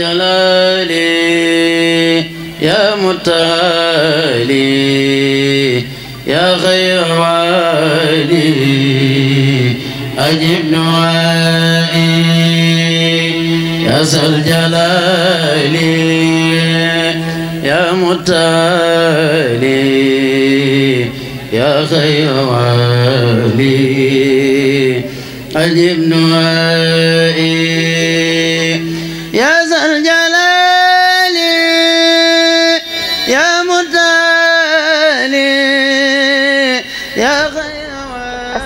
جلالي يا متعالي يا خير والي أجب دعائي يا ذا الجلال يا متعالي يا خير والي أجب دعائي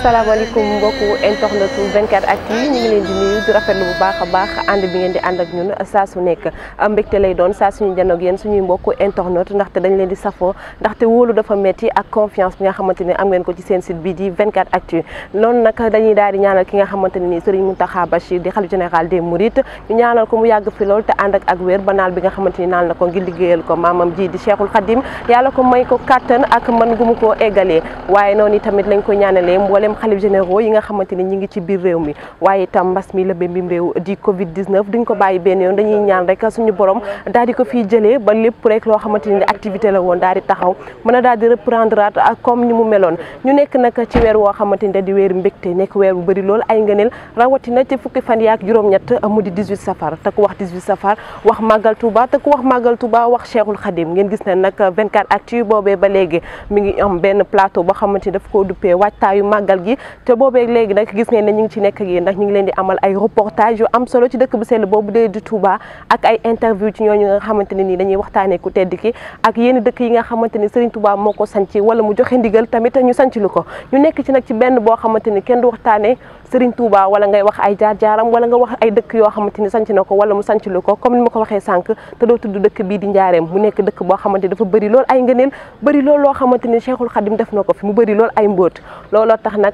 asalaamaaleykum mbokku internetu 24 actu yi ñu ngi leen di nuyu di rafetlu bu baax a baax ànd bi ngeen di ànd ak ñun saa su nekk mbégte lay doon saa suñu janoog yéen suñuy mbokku internet ndaxte dañ leen di safoo ndaxte wóolu dafa metti ak confiance bi nga xamante ne am ngeen ko ci seen site bi di 24 actu loolu nag dañuy daal di ñaanal ki nga xamante ne nii Serigne Mountakha Bachir di xalifa général des Mourides ñu ñaanal ko mu yàgg fi lool te ànd ak ak naal bi nga xamante ni naal na ko ngir liggéeyal ko maamam ji di Cheikhul Khadim yàlla ko may ko kattan ak mën gu mu koo eggalee waaye noonu tamit lañ ko ñaanalee mboolem mboolem xalif yi nga xamante ni ñi ngi ci biir réew mi waaye itam mbas mi lëbbe mbim réew di covid 19 duñ ko bàyyi benn yoon dañuy ñaan rek suñu borom daal di ko fiy jëlee ba lépp rek loo xamante ni activité la woon daal di taxaw mën a daal di reprendre ak comme ni mu meloon ñu nekk nag ci woo xamante ni da di weeru mbégte nekk weer bu bëri lool ay ngëneel rawatina ci fukki fan yaak juróom-ñett mu di 18 safar te ku wax 18 safar wax màggal Touba te ku wax màggal Touba wax Cheikhul Khadim ngeen gis ne nag 24 actu boobee ba léegi mi ngi am benn plateau boo xamante ni daf koo duppee waajtaayu màggal gi te boobeeg léegi nag gis ngeen ne ñu ngi ci nekk ak yéen ñu ngi leen di amal ay reportage yu am solo ci dëkk bu sell boobu dee di Touba ak ay interview ci ñooñu nga xamante ne nii dañuy waxtaanee ku tedd ki ak yéen dëkk yi nga xamante ni Serigne Touba moo ko sanc wala mu joxe ndigal tamit ñu sanc lu ko ñu nekk ci nag ci benn boo xamante ni kenn du waxtaanee Serigne Touba wala ngay wax ay jaar-jaaram wala nga wax ay dëkk yoo xamante ni sanc na ko wala mu sanc lu ko comme ni ma ko waxee sànq te doo tudd dëkk bii di njaareem mu boo xamante dafa bëri lool ay ngëneel bëri lool loo xamante ni Cheikhul Khadim def na ko fi mu bëri lool ay mbóot looloo tax nag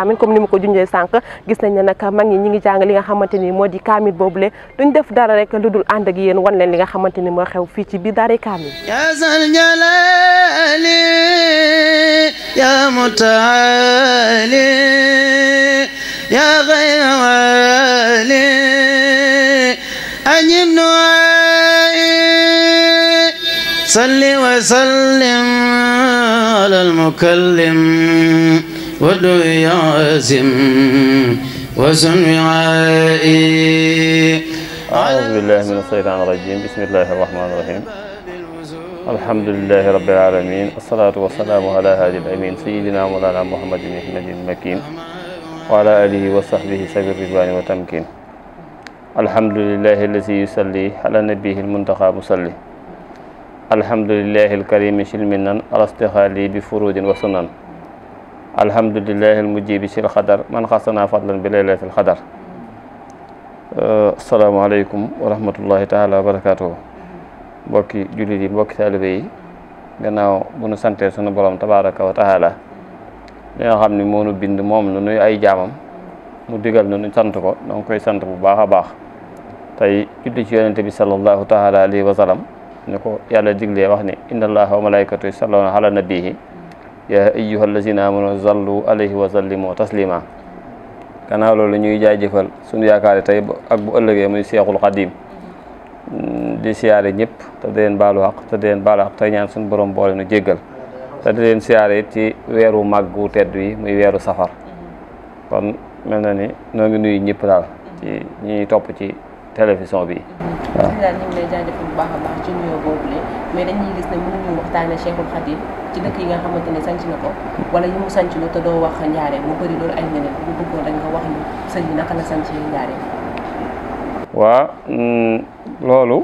Lamine comme ni ma ko junjee sànq gis nañ ne nag mag ñi ñi ngi jàng li nga xamante ni moo di kaamil boobule duñ def dara rek lu dul ànd ak yéen wan leen li nga xamante ni moo xew fii ci biir daara kaamil يا متعالي يا غير والي أجب دعائي صل وسلم على المكلم ودو يعزم وسن وعائي أعوذ بالله من الشيطان الرجيم بسم الله الرحمن الرحيم الحمد لله رب العالمين الصلاة والسلام على هذه الأمين سيدنا مولانا محمد بن أحمد المكين وعلى آله وصحبه سبيل الرضوان والتمكين الحمد لله الذي يصلي على نبيه المنتقى مصلي الحمد لله الكريم شل منن على استخالي بفروض وسنن alhamdulilahi almujibi sil xadar man xasana fadlan bi laylatil xadar uh, asalaamaaleykum wa rahmatullahi taala wa barakatuhu mbokki jullit yi mbokki taalibe yi gannaaw bu nu santee sunu borom tabaraka wa taala nga xam ne moo nu bind moom nu nuy ay jaamam mu digal nu nu sant ko donc koy sant bu baax a baax tey julli ci yonente bi sallallahu taala alayhi wa sallam ko yàlla diglee wax ni inna allaha wa malaikatu yusalluna nabihi yaa ayyuha allazina amanu sallu alayhi wa sallimu taslima gannaaw loolu ñuy jaajëfal suñu yaakaari tey ak bu ëllëgee muy seexul xadim di siyaare ñëpp te di leen baalu xaq te di leen baalu xaq ñaan suñu borom boole nu jéggal te di leen siyaare ci weeru màgg wu tedd yi muy weeru safar mm-hmm. kon mel na ni noo ngi nuyu ñëpp daal ñi topp ci télévision bi waaw daal ñu ngi bu baax baax ci nuyoo boobu le mais dañuy gis ne mënuñu waxtaane Cheikhul Khadim ci dëkk yi nga xamante ne sanc na ko wala yi mu sanc lu te doo wax njaare mu bëri loolu ay neneen bu bëggoon dañ nga wax mm, loolu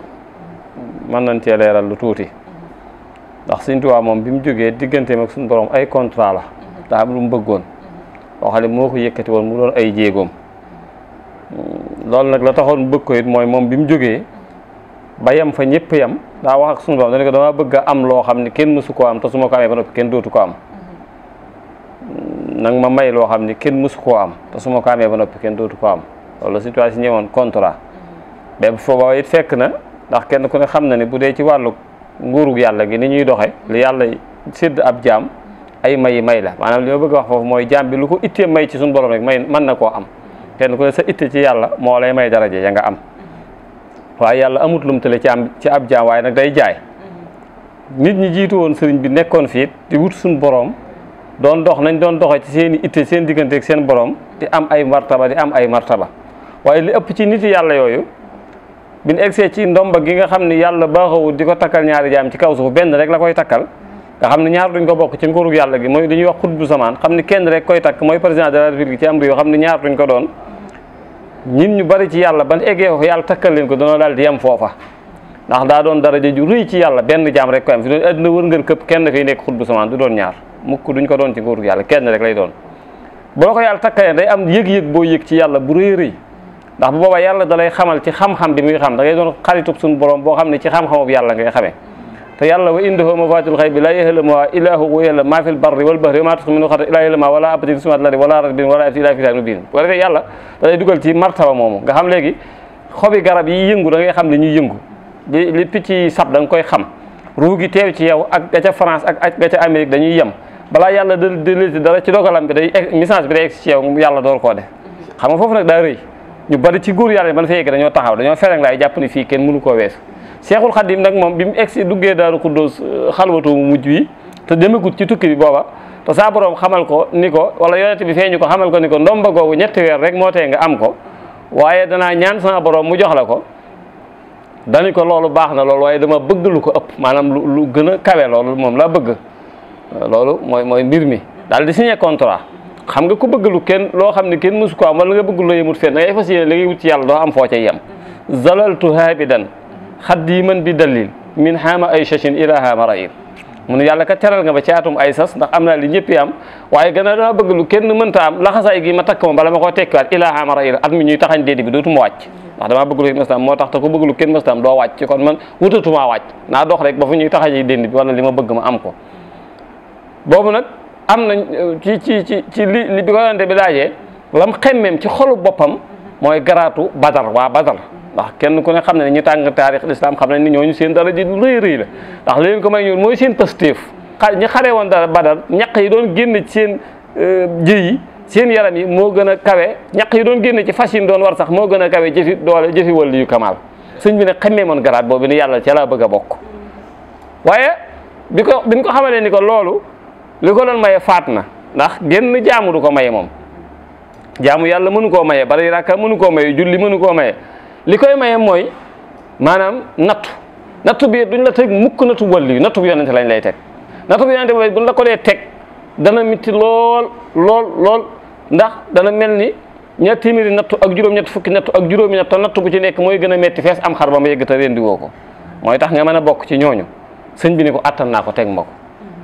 mën nañ cee leeral lu tuuti ndax Sëñ Tuubaa moom bi mu jógee diggante ak suñu borom ay contrat la mhm. daa am lu mu bëggoon boo mhm. moo ko yëkkati woon mu doon ay jéegoom loolu nag la taxoon bëgg ko it mooy moom bi mu jógee ba yam fa ñëpp yem daa wax ak sunu borom dana ko dama bëgg am loo xam ne kenn mësu koo am te su ma ko amee ba noppi kenn dootu ko am mhm. nag ma may loo xam ne kenn mësu koo am te su ba noppi kenn dootu ko am loolu situation ñëwoon contrat mais mhm. bu it fekk na ndax kenn ku ne xam na ne bu dee ci wàllu nguurug yàlla gi ni ñuy doxe li yàlla sédd ab jaam ay mayi may la maanaam li ma bëgg a wax foofu mooy jaam bi lu ko ittee may ci suñu borom rek may mën na koo am kenn ku ne sa itti ci yàlla moo lay may daraje ya nga am waaye yàlla amut lum tale ci am ci ab jaam waaye nag day jaay nit ñi jiitu woon sëriñ bi nekkoon fii di wut suñ boroom doon dox nañ doon doxee ci seen i itte seen diggante ak seen boroom di am ay martaba di am ay martaba waaye li ëpp ci nit yàlla yooyu bi ñu egsee ci ndomba gi nga xam ne yàlla baaxawul di ko takkal ñaari jaam ci kaw suuf benn rek la koy takkal nga xam ne ñaar duñ ko bokk ci nguurug yàlla gi mooy li ñuy wax xutbu samaan xam ne xam ne ñaar duñ ko doon ñin ñu bari ci yàlla ban eggee ko yàlla takkal leen ko danoo daal di yem foofa ndax daa doon daraja ju rëy ci yàlla benn jaam rek ko am fi doon àddina wërngal këpp kenn fay nekk xutbu samaan du doon ñaar mukk duñ ko doon ci nguur yàlla kenn rek lay doon boo ko yàlla takkalee day am yëg-yëg boo yëg ci yàlla bu rëy rëy ndax bu boobaa yàlla da lay xamal ci xam-xam bi muy xam da ngay doon xaritub suñu borom boo xam ne ci xam-xamub yàlla ngay xamee te yàlla wa indahu mafatihul xaybi laa ya'lamuhaa illaa huwa ya'lamu maa fil barri wal bahri wa maa tasqutu min waraqatin illaa ya'lamuhaa wa laa habatin fis samaa'i wal ardi wa laa ratbin wa laa yaabisin illaa fii kitaabin mubiin bu ko defee yàlla da lay dugal ci martaba moomu nga xam léegi xobi garab yi yëngu da ngay xam li ñuy yëngu li li picc yi sab da nga koy xam ruu gi teew ci yow ak ga ca France ak ga ca Amérique dañuy yem balaa yàlla dal dara ci dogalam bi day message bi day egg ci yow yàlla door koo def xam nga foofu nag daa rëy ñu bari ci góor yàlla man fa yegg dañoo taxaw dañoo fereng laay jàpp ni fii kenn mënu koo weesu Seexul Xadim nag moom bi mu egsi duggee Daaru Xuddoos euh, xalwatu mu mujj wi te demegut ci tukki bi booba te saa borom xamal ko ni ko wala yonent bi feeñu ko xamal ko ni ko ndomba googu ñetti weer rek moo tee nga am ko waaye danaa ñaan sama borom mu jox la ko dani ko loolu baax na loolu waaye dama bëgg lu ko ëpp maanaam lu lu gën a kawe loolu moom laa bëgg euh, loolu mooy mooy mbir mi daal di signé contrat xam nga ku bëgg lu kenn loo xam ne kenn mësu ko am wala nga bëgg loo yemut fenn da ci yàlla doo am foo ca yem mm-hmm. zalaltu haabidan xaddiman bi dalil min haama ay shachin ila haama rayin mu ne yàlla ka teral nga ba ci atum ay sas ndax am na li ñëpp am waaye gën a dama bëgg lu kenn mënta am laxasaay gi ma takk ma bala ma koo tekkiwaat ila haama rayin at mi ñuy taxañ déedéet bi dootuma wàcc ndax damaa bëgg lu kenn moo tax te ku bëgg lu kenn mësta am doo wàcc kon man wutatumaa wàcc naa dox rek ba fu ñuy taxañee dénd bi wala li ma bëgg ma am ko boobu nag am na ci ci ci ci li li bi ko yonte bi laajee lam xemmeem ci xolu boppam mooy garaatu badar waa badar ndax kenn ku ne xam ne ñu tàng taarix lislaam xam nañ ne ñooñu seen dara ji rëy rëy la ndax leen ko may ñoon mooy seen pastéef xa ñu xaree woon dara badar ñaq yi doon génn ci seen euh, jë yi seen yaram yi moo gën a kawe ñaq yi doon génn ci fas yi doon war sax moo gën a kawe jëfi doole jëfi wàllu yu kamaal sëñ bi ne moon garaat boobu ni yàlla ca laa bëgg a bokk waaye bi ko biñ ko xamalee ni ko loolu li ko doon maye faat na ndax génn jaamu du ko maye moom jaamu yàlla mënu koo maye bari rakka mënu koo maye julli mënu koo maye li koy maye mooy maanaam nattu nattu bi duñ la teg mukk nattu wàllu nattu bu yonente lañ lay teg nattu bu yonente bi buñ la ko dee teg dana mitti lool lool lool ndax dana mel ni ñaar téeméeri nattu ak juróom-ñett fukki nattu ak juróomi natt nattu bu ci nekk mooy gën a metti fees am xar ba ma yëgg te rendi woo ko mooy tax nga mën a bokk ci ñooñu sëñ bi ko attan naa ko teg ma ko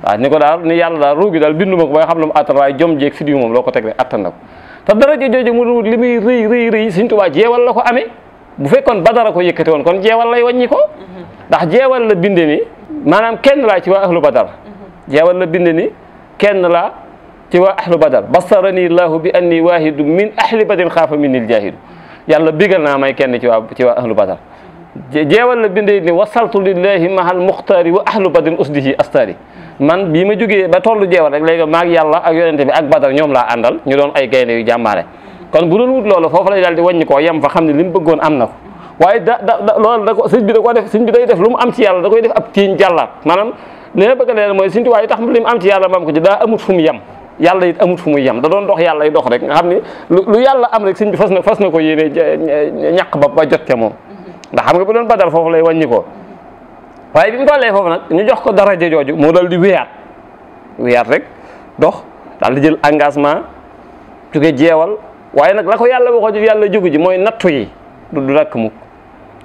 waaw ni ko daal ni yàlla daal ruugi daal bindu ma ko ba nga xam ne mu attan waaye jom jeeg fi diw moom loo ko teg la bu fekkoon badara ko yëkkati woon kon jeewal lay wàññi ko ndax jeewal la binde ni maanaam kenn laa ci waa ahlu badar jeewal la binde ni kenn laa ci waa ahlu badar basarani llahu bi anni waahidu min ahli badin xaafa min il jaahidu yàlla bigal naa may kenn ci waa ci waa ahlu badar jeewal la binde ni wasaltu lillahi mahal muxtaari wa ahlu badin usdihi astaari man bii ma jógee ba tollu jeewal rek léegi maag yàlla ak yonente bi ak badar ñoom laa àndal ñu doon ay gaynde yu jàmbaare kon bu doon wut loolu foofu lay daal di wàññi koo yem fa xam ne li mu bëggoon am na ko da da da loolu da ko sëñ bi ko def sëñ bi day def lu mu am ci yàlla da koy def ab tiiñ jàllaat maanaam li ma bëgg a leen mooy sëñ Tuubaa yi tax li am ci yàlla maam ko ci daa amut fu mu yem yàlla it yem da doon dox yàlla yi dox rek nga xam ne lu yàlla am rek sëñ bi fas na fas na ko yéene ñàq ba ba jot ca moom ndax xam nga bu doon badal foofu lay wàññi ko waaye bi mu tollee foofu na ñu jox ko daraja jooju moo dal di wéyaat wéyaat rek dox daal di jël engagement jóge jeewal waaye nag la ko yàlla waxoo ji yàlla jógu ji mooy nattu yi du du dakk mukk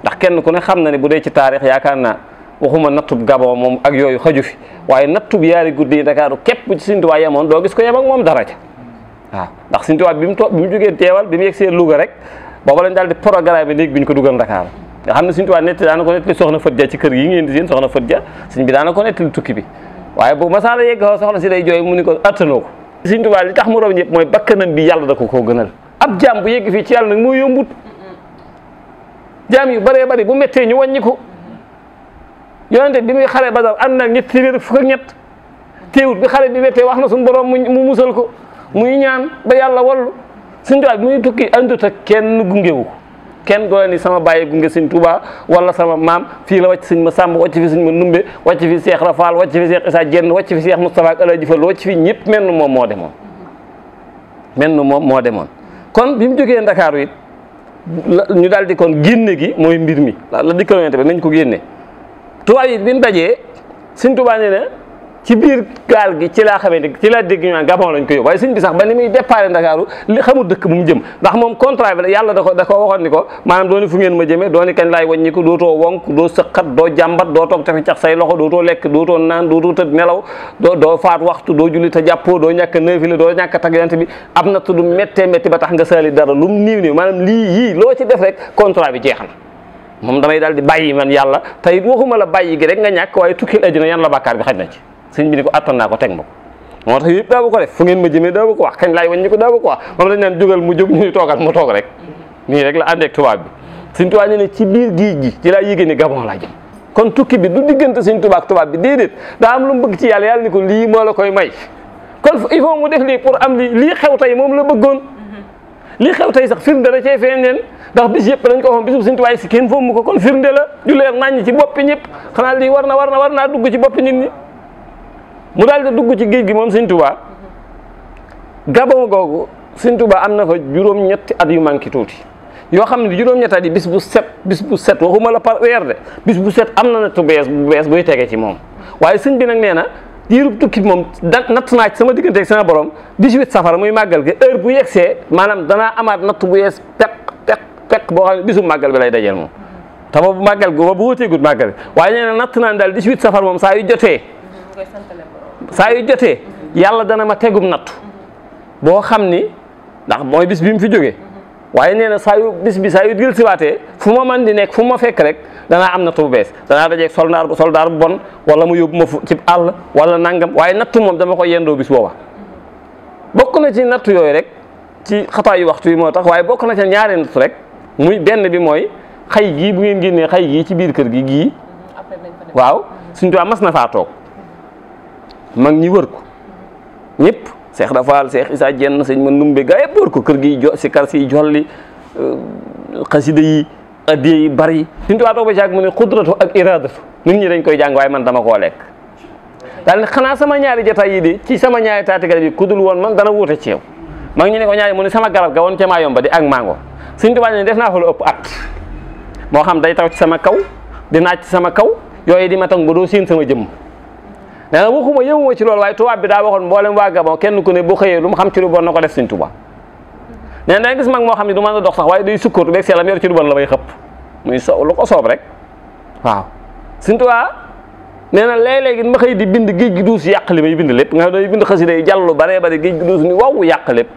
ndax kenn ku ne xam na ne bu dee ci taarix yaakaar naa waxuma nattub gabon moom ak yooyu xaju fi waaye nattub yaari guddi yi Dakaaru képp bu ci Sëñ Tuubaa yemoon doo gis ko yem moom dara ca waaw ndax Sëñ Tuubaa bi mu toog bi mu jógee teewal bi mu yegsee Louga rek booba lañ daal di programme néeg bi ñu ko dugal Dakar nga xam ne Sëñ Tuubaa nett daana ko nettali kër yi ngeen di seen soxna Fat Ja tukki bi waaye bu masaala yegg si day jooy mu ni ko attanoo ko Sëñ Tuubaa li tax mu raw ñëpp mooy bakkanam bi yàlla da ko koo gënal ab jaam bu yegg fii ci yàlla nag moo yombut jaam yu bëree bari bu méttee ñu wàññi ko yonente bi muy xare Badar am na ñett téeméer fukk ak ñett teewut bi xare bi méttee wax na suñu borom mu musal ko muy ñaan ba yàlla wallu Sëñ Tuubaa bi muy tukki àndut ak nu gungewu ko kenn doo leen ni sama bàyyi gunge sëñ Touba wala sama maam fii la wàcc sëñ ma Sàmb wàcc fi sëñ ma Numbe wàcc fi Seex Rafaal wàcc fi Seex Isaa Jenn wàcc fi Seex Moustapha ak Alaaji Fall wàcc fi ñëpp mel na moom moo demoon mel na moom moo demoon kon bi mu jógee Ndakaaru it ñu daal di kon génne gi mooy mbir mi la dikkaloonte bi nañ ko génne tubaab yi bi ñu dajee sëñ Touba nee na ci biir gaal gi ci laa xamee ne ci laa dégg ñu naan Gabon lañ ko yóbbu waaye sëñ bi sax ba ni muy départ Ndakaaru li xamul dëkk bu mu jëm ndax moom contrat bi la yàlla da ko da ko waxoon ni ko maanaam dooni fu ngeen ma jëmee dooni kañ laay wàññi ko dootoo wonk doo sëqat doo jàmbat doo toog tafi cax say loxo dootoo lekk dootoo naan dootoo tëdd nelaw doo doo faat waxtu doo julli te jàppoo doo ñàkk a neefile doo ñàkk a tag bi ab na tudd méttee métti ba tax nga saali dara lu mu lii yii loo ci def rek bi jeex na moom damay daal di bàyyi man yàlla tey waxuma la bàyyi gi rek nga ñàkk waaye tukkil àjjana yan la bàkkaar bi xaj na ci sëñ bi ni ko attan naa ko teg ma moo tax yëpp daa ba ko def fu ngeen ma jëmee daa ba ko wax lay laay wañ ñi ko daa ba ko wax moom dañ naan jógal mu jóg ñu toogal mu toog rek nii rek la ànd ak tubaab bi sëñ Tuubaa ne laa yéegée ni Gabon laa jëm kon tukki bi du diggante sëñ Tuubaa ak tubaab bi déedéet daa am lu mu bëgg ci yàlla yàlla ni ko lii moo la koy may kon il faut mu def lii pour am li lii xew tey moom la bëggoon lii xew tey sax firnde la cee feeñeen ndax bis yëpp dañ ko waxoon bisu Sëñ Tuubaa si kenn foomu ko kon firnde la ju leer naññ ci boppi ñëpp xanaa war na war na war naa dugg ci boppi nit ñi mu daal di dugg ci géej gi moom Sëñ Tuubaa Gabon googu Sëñ ba am na fa juróom-ñetti at yu manqué tuuti yoo xam ne juróom-ñetti at bis bu set bis bu set waxuma la par weer de bis bu set am na nattu bees bu bees buy tege ci moom waaye sëñ bi nag nee na diirub tukki moom da natt naa sama sama digganteeg sama borom 18 safara muy màggal gi heure bu yegsee maanaam dana amaat natt bu yees peq peq peq boo xam ne bisu màggal bi lay dajeel moom te boobu màggal gi boobu wuteegut màggal waaye nee na naa daal 18 safar moom saa yu jotee saa yu jotee yàlla dana ma tegum nattu boo xam ni ndax mooy bis bi mu fi jóge waaye nee na saa yu bis bi saa yu dil fu ma man di nekk fu ma fekk rek dana am nattu bu bees danaa dajeeg soldaar bu soldaar bu bon wala mu yóbbu ma fu ci àll wala nangam waaye nattu moom dama ko yendoo bis booba bokk na ci nattu yooyu rek ci xataa waxtu yi moo tax waaye bokk na ci ñaari nattu rek muy benn bi mooy xay gii bu ngeen génnee xay gii ci biir kër gi gii waaw suñ tuwaa mas na faa mag ñi wër ko ñëpp seex rafaal seex isaa jenn sëñ ma numbe gaa yëpp wër kër gi jo si kar si jolli euh, xasida yi addiye yi bari suñ tuwaa toog ba caag mu ne xudratu ak iradatu nit ñi dañ koy jàng waaye man dama koo lekk daal ne xanaa sama ñaari jotaay yi de ci sama ñaari taati garab kudul woon man dana wuute ci yow mag ñi ne ko ñaari ne sama garab ga woon ca maa yomba di ak mango suñ tuwaa ne def naa fa lu ëpp at moo xam day taw ci sama kaw di naaj ci sama kaw yooyu di ma tang ba doo seen sama jëmm nee na waxuma yëwuma ci loolu waaye tubaab bi daa waxoon mboolem waa Gabon kenn ku ne bu xëyee lu mu xam ci lu bon na ko def Sëñ Tuubaa nee na gis mag moo xam ne du mën dox sax waaye day sukkandu beeg seelam yor ci lu bon la bay xëpp muy so lu ko soob rek waaw Sëñ Tuubaa nee na léeg-léegi ma xëy di bind géej gi duus yàq li may bind lépp nga xam day bind xasida yi jàllu baree bari géej gi duus ni waw yàq lépp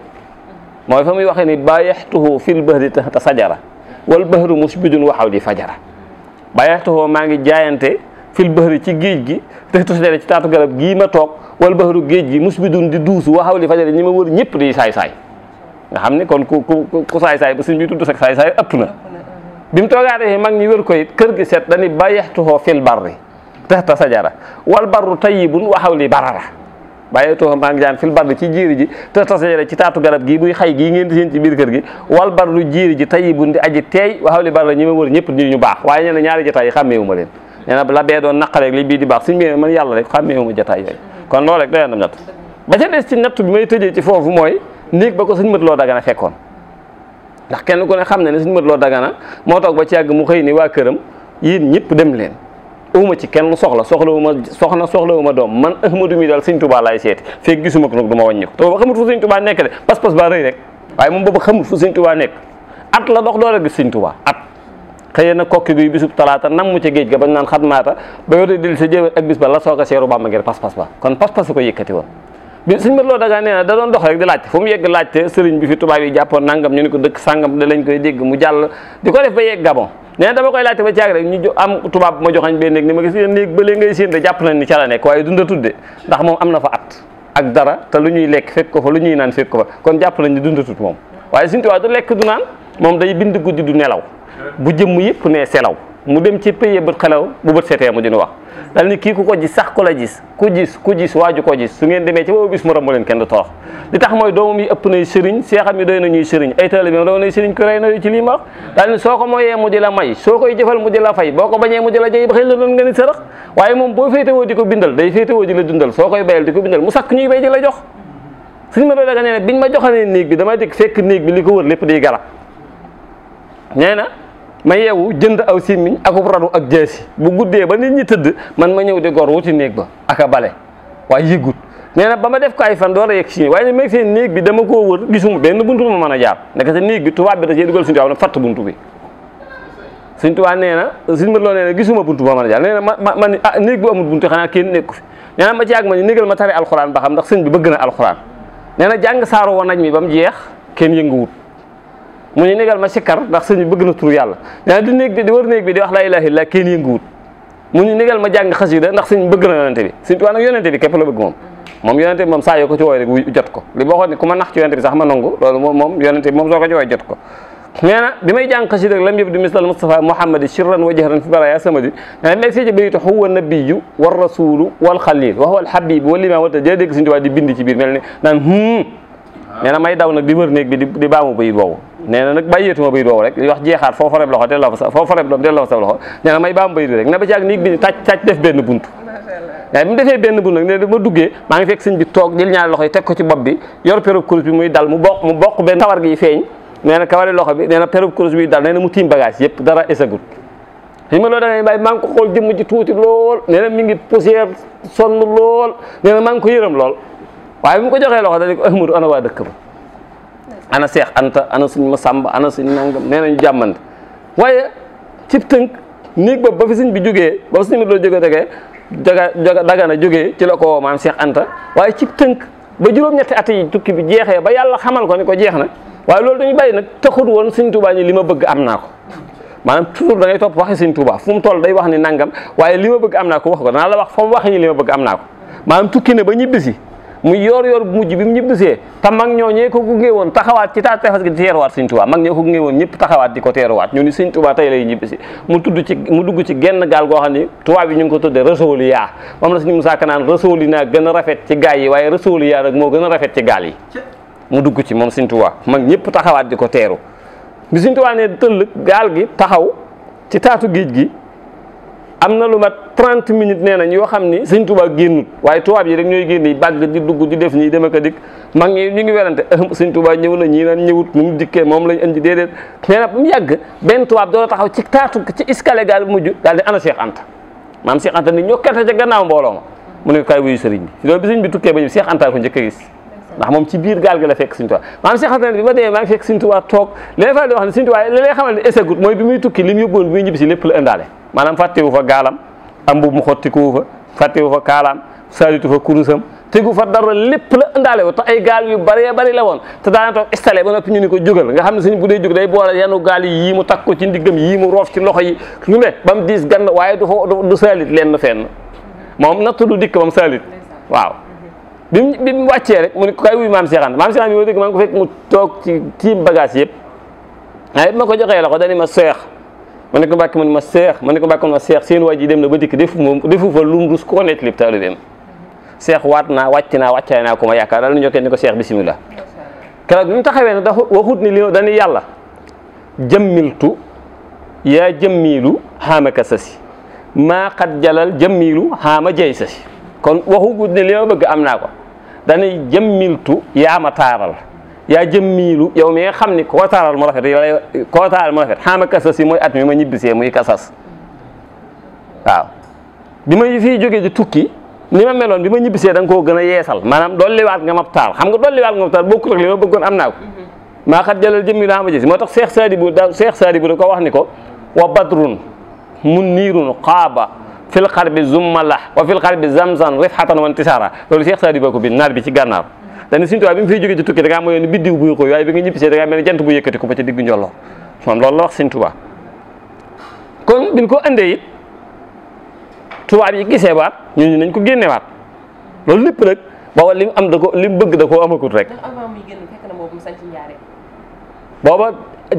mooy fa muy waxee ni bayaxtuhu fil bahri tahta sajara wal bahru musbidun waxaw di fajara bayaxtuhu maa ngi jaayante fil bahri ci géej gi te tusdere ci taatu garab gii ma toog wal bahru géej gi mus bi dun di duusu waxaw li fajari ñi ma wër ñëpp di saay-saay nga xam ne kon ku ku ku saay ba suñ bi tudd sax saay-saay ëpp na bi mu toogaatee mag ñi wër ko kër gi set dañu bàyyeextuhoo fil barri taxta sajara wal barru tayyibun waxaw li barara bàyyi tooxam maa ngi jaan fil barri ci jiiri ji te tasajara ci taatu garab gii buy xay gii ngeen di seen ci biir kër gi wal barru jiiri ji tayibun di aji teey waxaw li barra ñi ma wër ñëpp ñu ñu baax waaye ñenn ñaari jotaay yi xàmmeewuma leen nee na la bee doon naqaree li bii di baax suñu mbéy man yàlla rek xàmmeewuma jataay yooyu kon loolu rek doyoon na natt ba ca des ci natt bi may tëjee ci foofu mooy néeg ba ko suñ mët loo dagana fekkoon ndax kenn ku ne xam ne ne suñ mët loo dagana moo toog ba ci yàgg mu xëy ni waa këram yéen ñëpp dem leen uma ci kenn soxla soxlawuma soxna soxlawuma doom man ahmadu mi daal sëñ tubaa laay seeti feeg gisuma ko nag du ma wàññi ko te booba xamut fu sëñ tubaa nekk de pas-pas baa rëy rek waaye moom booba xamut fu sëñ tubaa nekk at la dox door a gis xëyee na kokki guy bisub talaata nam mu ca géej ga bañ naan xadmaata ba yore dil sa jéewal ak bis ba la soog a seeru bàmba ngir pas-pas ba kon pas-pas ko yëkkati woon bi suñ mat loo dagaa nee ko dëkk sàngam da jàll ko def ba yegg gabon nee na dama koy laajte ba caag rek ñu am tubaab ma joxañ benn néeg ni ma gis yéen néeg ba lee ngay séen de jàpp nañ ni ca la nekk waaye dunda tudde ndax moom am na fa at ak dara te lu ñuy lekk fekk ko fa lu ñuy naan fekk ko fa kon jàpp nañ ni dunda tut moom waaye suñ tubaab du lekk du bind guddi du nelaw bu jëmm yëpp ne selaw mu dem ci paye bët bu bët seetee mu dina wax dal ni kii ku ko gis sax ko la gis ku gis ku gis waaju ko gis su ngeen demee ci boobu bis mu romb leen kenn du toox li tax mooy doomam yi ëpp nay sëriñ seexam yi doy na ñuy sëriñ ay taalibeem doy na sëriñ na ci lii mu di la may boo ko ba xëy la doon nga ni sarax waaye moom boo féetewoo di ko bindal day féetewoo di la dundal soo koy bayal di ko bindal mu sakk ñuy bay di la jox suñu ma doon nee biñ ma joxanee néeg bi dama dikk fekk néeg bi li ko wër lépp di gala na ma yeewu jënd aw ak akub radu ak jeesi bu guddee ba nit ñi tëdd man ma ñëw di gor wuti néeg ba ak a bale waaye yëgut nee na ba ma def ko fan door a yegg si waaye nag seen bi dama koo wër gisuma benn buntu ma mën a jaar nekk te néeg bi tubaab bi da cee dugal suñu buntu bi suñ tubaab nee na suñ mën loo nee gisuma buntu ma mën a jaar nee ma ma man ah néeg bu amul xanaa kenn nekku fi nee ma ci àgg ma ni néegal ma tare ba xam ndax sëñ bi bëgg na alxuraan nee na jàng saaru woon nañ mi ba mu jeex kenn yënguwut mu ne négal ma sikkar ndax sëñ bi bëgg na tur yàlla nee na di néeg bi di wër néeg bi di wax laa ilaaha illallaa kenn yënguwut mu ñu ma jàng xasida ndax sëñ bëgg na yonente bi sëñ la bëgg moom moom yonente bi moom saa yoo ko ci wooy rek wu jot ko li boo xoon ne ku ma nax ci yonente bi sax ma nangu jot ko nee na bi may jàng xasida lam yëpp di mislal Mustafa Muhammadi sirran wa jahran samadi nee na léegi see ci baytu wa wal imaam wata jaa dégg sëñ di bind ci biir mel ne naan hmm. ah. nee na may daw nag di wër néeg bi di baamu bayit boobu nee na nag bàyyeetuma bëy boobu rek wax jeexaat foo fareb loxo delloo fa sa foo fareb doom delloo fa sa loxo nee na may baam bëy bi rek na ba ci ak niig bi def benn bunt waaye bi mu defee benn bunt nag nee na ma duggee maa ngi fekk sëñ bi toog jël ñaari loxo yi teg ko ci bopp bi yor perub kurus bi muy dal mu bokk mu bokk benn kawar gi feeñ nee loxo bi nee na perub kurus bi dal nee na mu tiim bagage yëpp ma loo da ngay bàyyi maa ngi ko xool tuuti lool mi ngi poussière sonn lool nee na lool waaye bi ko joxee loxo dañ ko ahmadu waa dëkk ana seex anta ana suñ mu sàmb ana suñ nangam nee nañu jàmmante waaye cib tënk néeg boobu ba fi suñ bi jógee ba fi suñ bi doon jóge dagee jaga jaga dagana jógee ci la ko woo anta waaye cib tënk ba juróom-ñetti at yi tukki bi jeexee ba yàlla xamal ko ni ko jeex na waaye loolu dañu bàyyi nag taxut woon suñ tubaa ñi li ma bëgg am naa ko maanaam toujours da ngay topp waxi suñ mu toll day wax ni nangam waaye li ma bëgg am naa ko wax ko danaa wax fa mu waxee ni bëgg am naa ko maanaam tukki ne ba ñibbisi mu yoor yor bu mujj bi mu ñibbisee te mag ñoo ñooñee ko gunge woon taxawaat ci taa tefes gi di teeruwaat sëñ Tuubaa mag ñoo ko gunge woon ñëpp taxawaat di ko teeruwaat ñu ni sëñ Tuubaa tey lay mu tudd ci mu dugg ci genn gaal goo xam ni tubaab yi ñu ngi ko tudde rasuliyaa moom la sëñ Musaa Ka naan rasuliyaa gën a rafet ci gaal yi waaye rasuliyaa nag moo gën gaal mu dugg ci moom sëñ Tuubaa mag ñëpp taxawaat di ko teeru bi sëñ Tuubaa ne tëll gaal gi taxaw ci taatu géej gi am na lu mat 30 minutes nee nañ yoo xam ni sëñ Tuubaa génnut waaye tubaab yi rek ñooy génn yi bàgg di dugg di def ñi dem ak a dikk mag ñi ñu ngi werante eh, sëñ Tuubaa ñëw na ñii naan ñëwut nu mu moom lañ indi déedéet nee na bu mu yàgg benn tubaab doo taxaw ci taatu ci escalier gaal mujj daal di ana Cheikh Anta maam Cheikh Anta ni ñoo kerte ca gannaaw mbooloo ma mu ne ko kaay wuyu sëriñ bi loolu bi tukkee ba ñu Cheikh Anta ko njëkk a gis ndax moom lépp la indaale maanaam fàttewu fa gaalam am bu mu xottikuwu fa fàttewu fa kaalaam saalitu fa kurusam tegu fa dara lépp la indaale woon te ay gaal yu bëree bari la woon te daana toog installé ba noppi ñu ni ko jógal nga xam ne suñ bu dee jóg day boole yanu gaal yi yii mu takk ko ci ndiggam yii mu roof ci loxo yi lu ne ba mu diis gann waaye du fa du saalit lenn fenn moom nattu du dikk ba mu saalit waaw bi mu bi mu wàccee rek mu ne kay wuy maam Cheikh Anta maam Cheikh Anta bi ngi ko fekk mu toog ci tiim bagage yëpp waaye bi ma ko joxee la ko dani ma seex ma ne ko mbàkke mu ne ma seex ma ne ko mbàkke mu ne ma seex seen dem na ba dikk defu moom defu fa lu rus koo nekk lib taalibeem seex waat naa wàcc naa wàccaay naa ko ma yaakaar daal ñu jokkee ni ko seex bisimilah keroog bi mu taxawee nag da waxut ni li dañu yàlla jëmmiltu yaa jëmmiilu xaama ka sasi maa xat jalal jëmmiilu xaama jey sasi kon waxugut ne li ma bëgg am naa ko dañuy jëmmiltu yaa ma taaral yaa jëmmiilu yow mi nga xam ni ko taaral mu rafet yow koo taaral mu rafet xaama kasas yi mooy at mi ma ñibbisee muy kasas waaw bi ma fiy jógee di tukki ni ma meloon bi ma ñibbisee da nga koo gën a yeesal maanaam dolliwaat nga mab taar xam nga dolliwaat nga mab taar bokkul ak li ma bëggoon am naa ko mm-hmm. maa xat jalal jëmmiilu xaama jësi moo tax seex saadi bu da seex saadi bu da ko wax ni ko wa badrun mun niirun xaaba fil xarbi zummalah wa fil xarbi zamzan rifxatan wa intisaara loolu seex saadi ko bind naar bi ci gànnaar dana Sëriñ Tuubaa bi mu fiy jóge ci tukki da ngaa mel ni biddiw buy ko waaye bi nga ñibbisee da ngaa mel ni jant bu yëkkati ko ba ci diggu njolloor moom loolu la wax Sëriñ Tuubaa kon biñ ko andee tubaab yi gisee waat ñooñu nañ ko génne waat loolu lépp nag booba li am da ko li bëgg da koo amakut rek. booba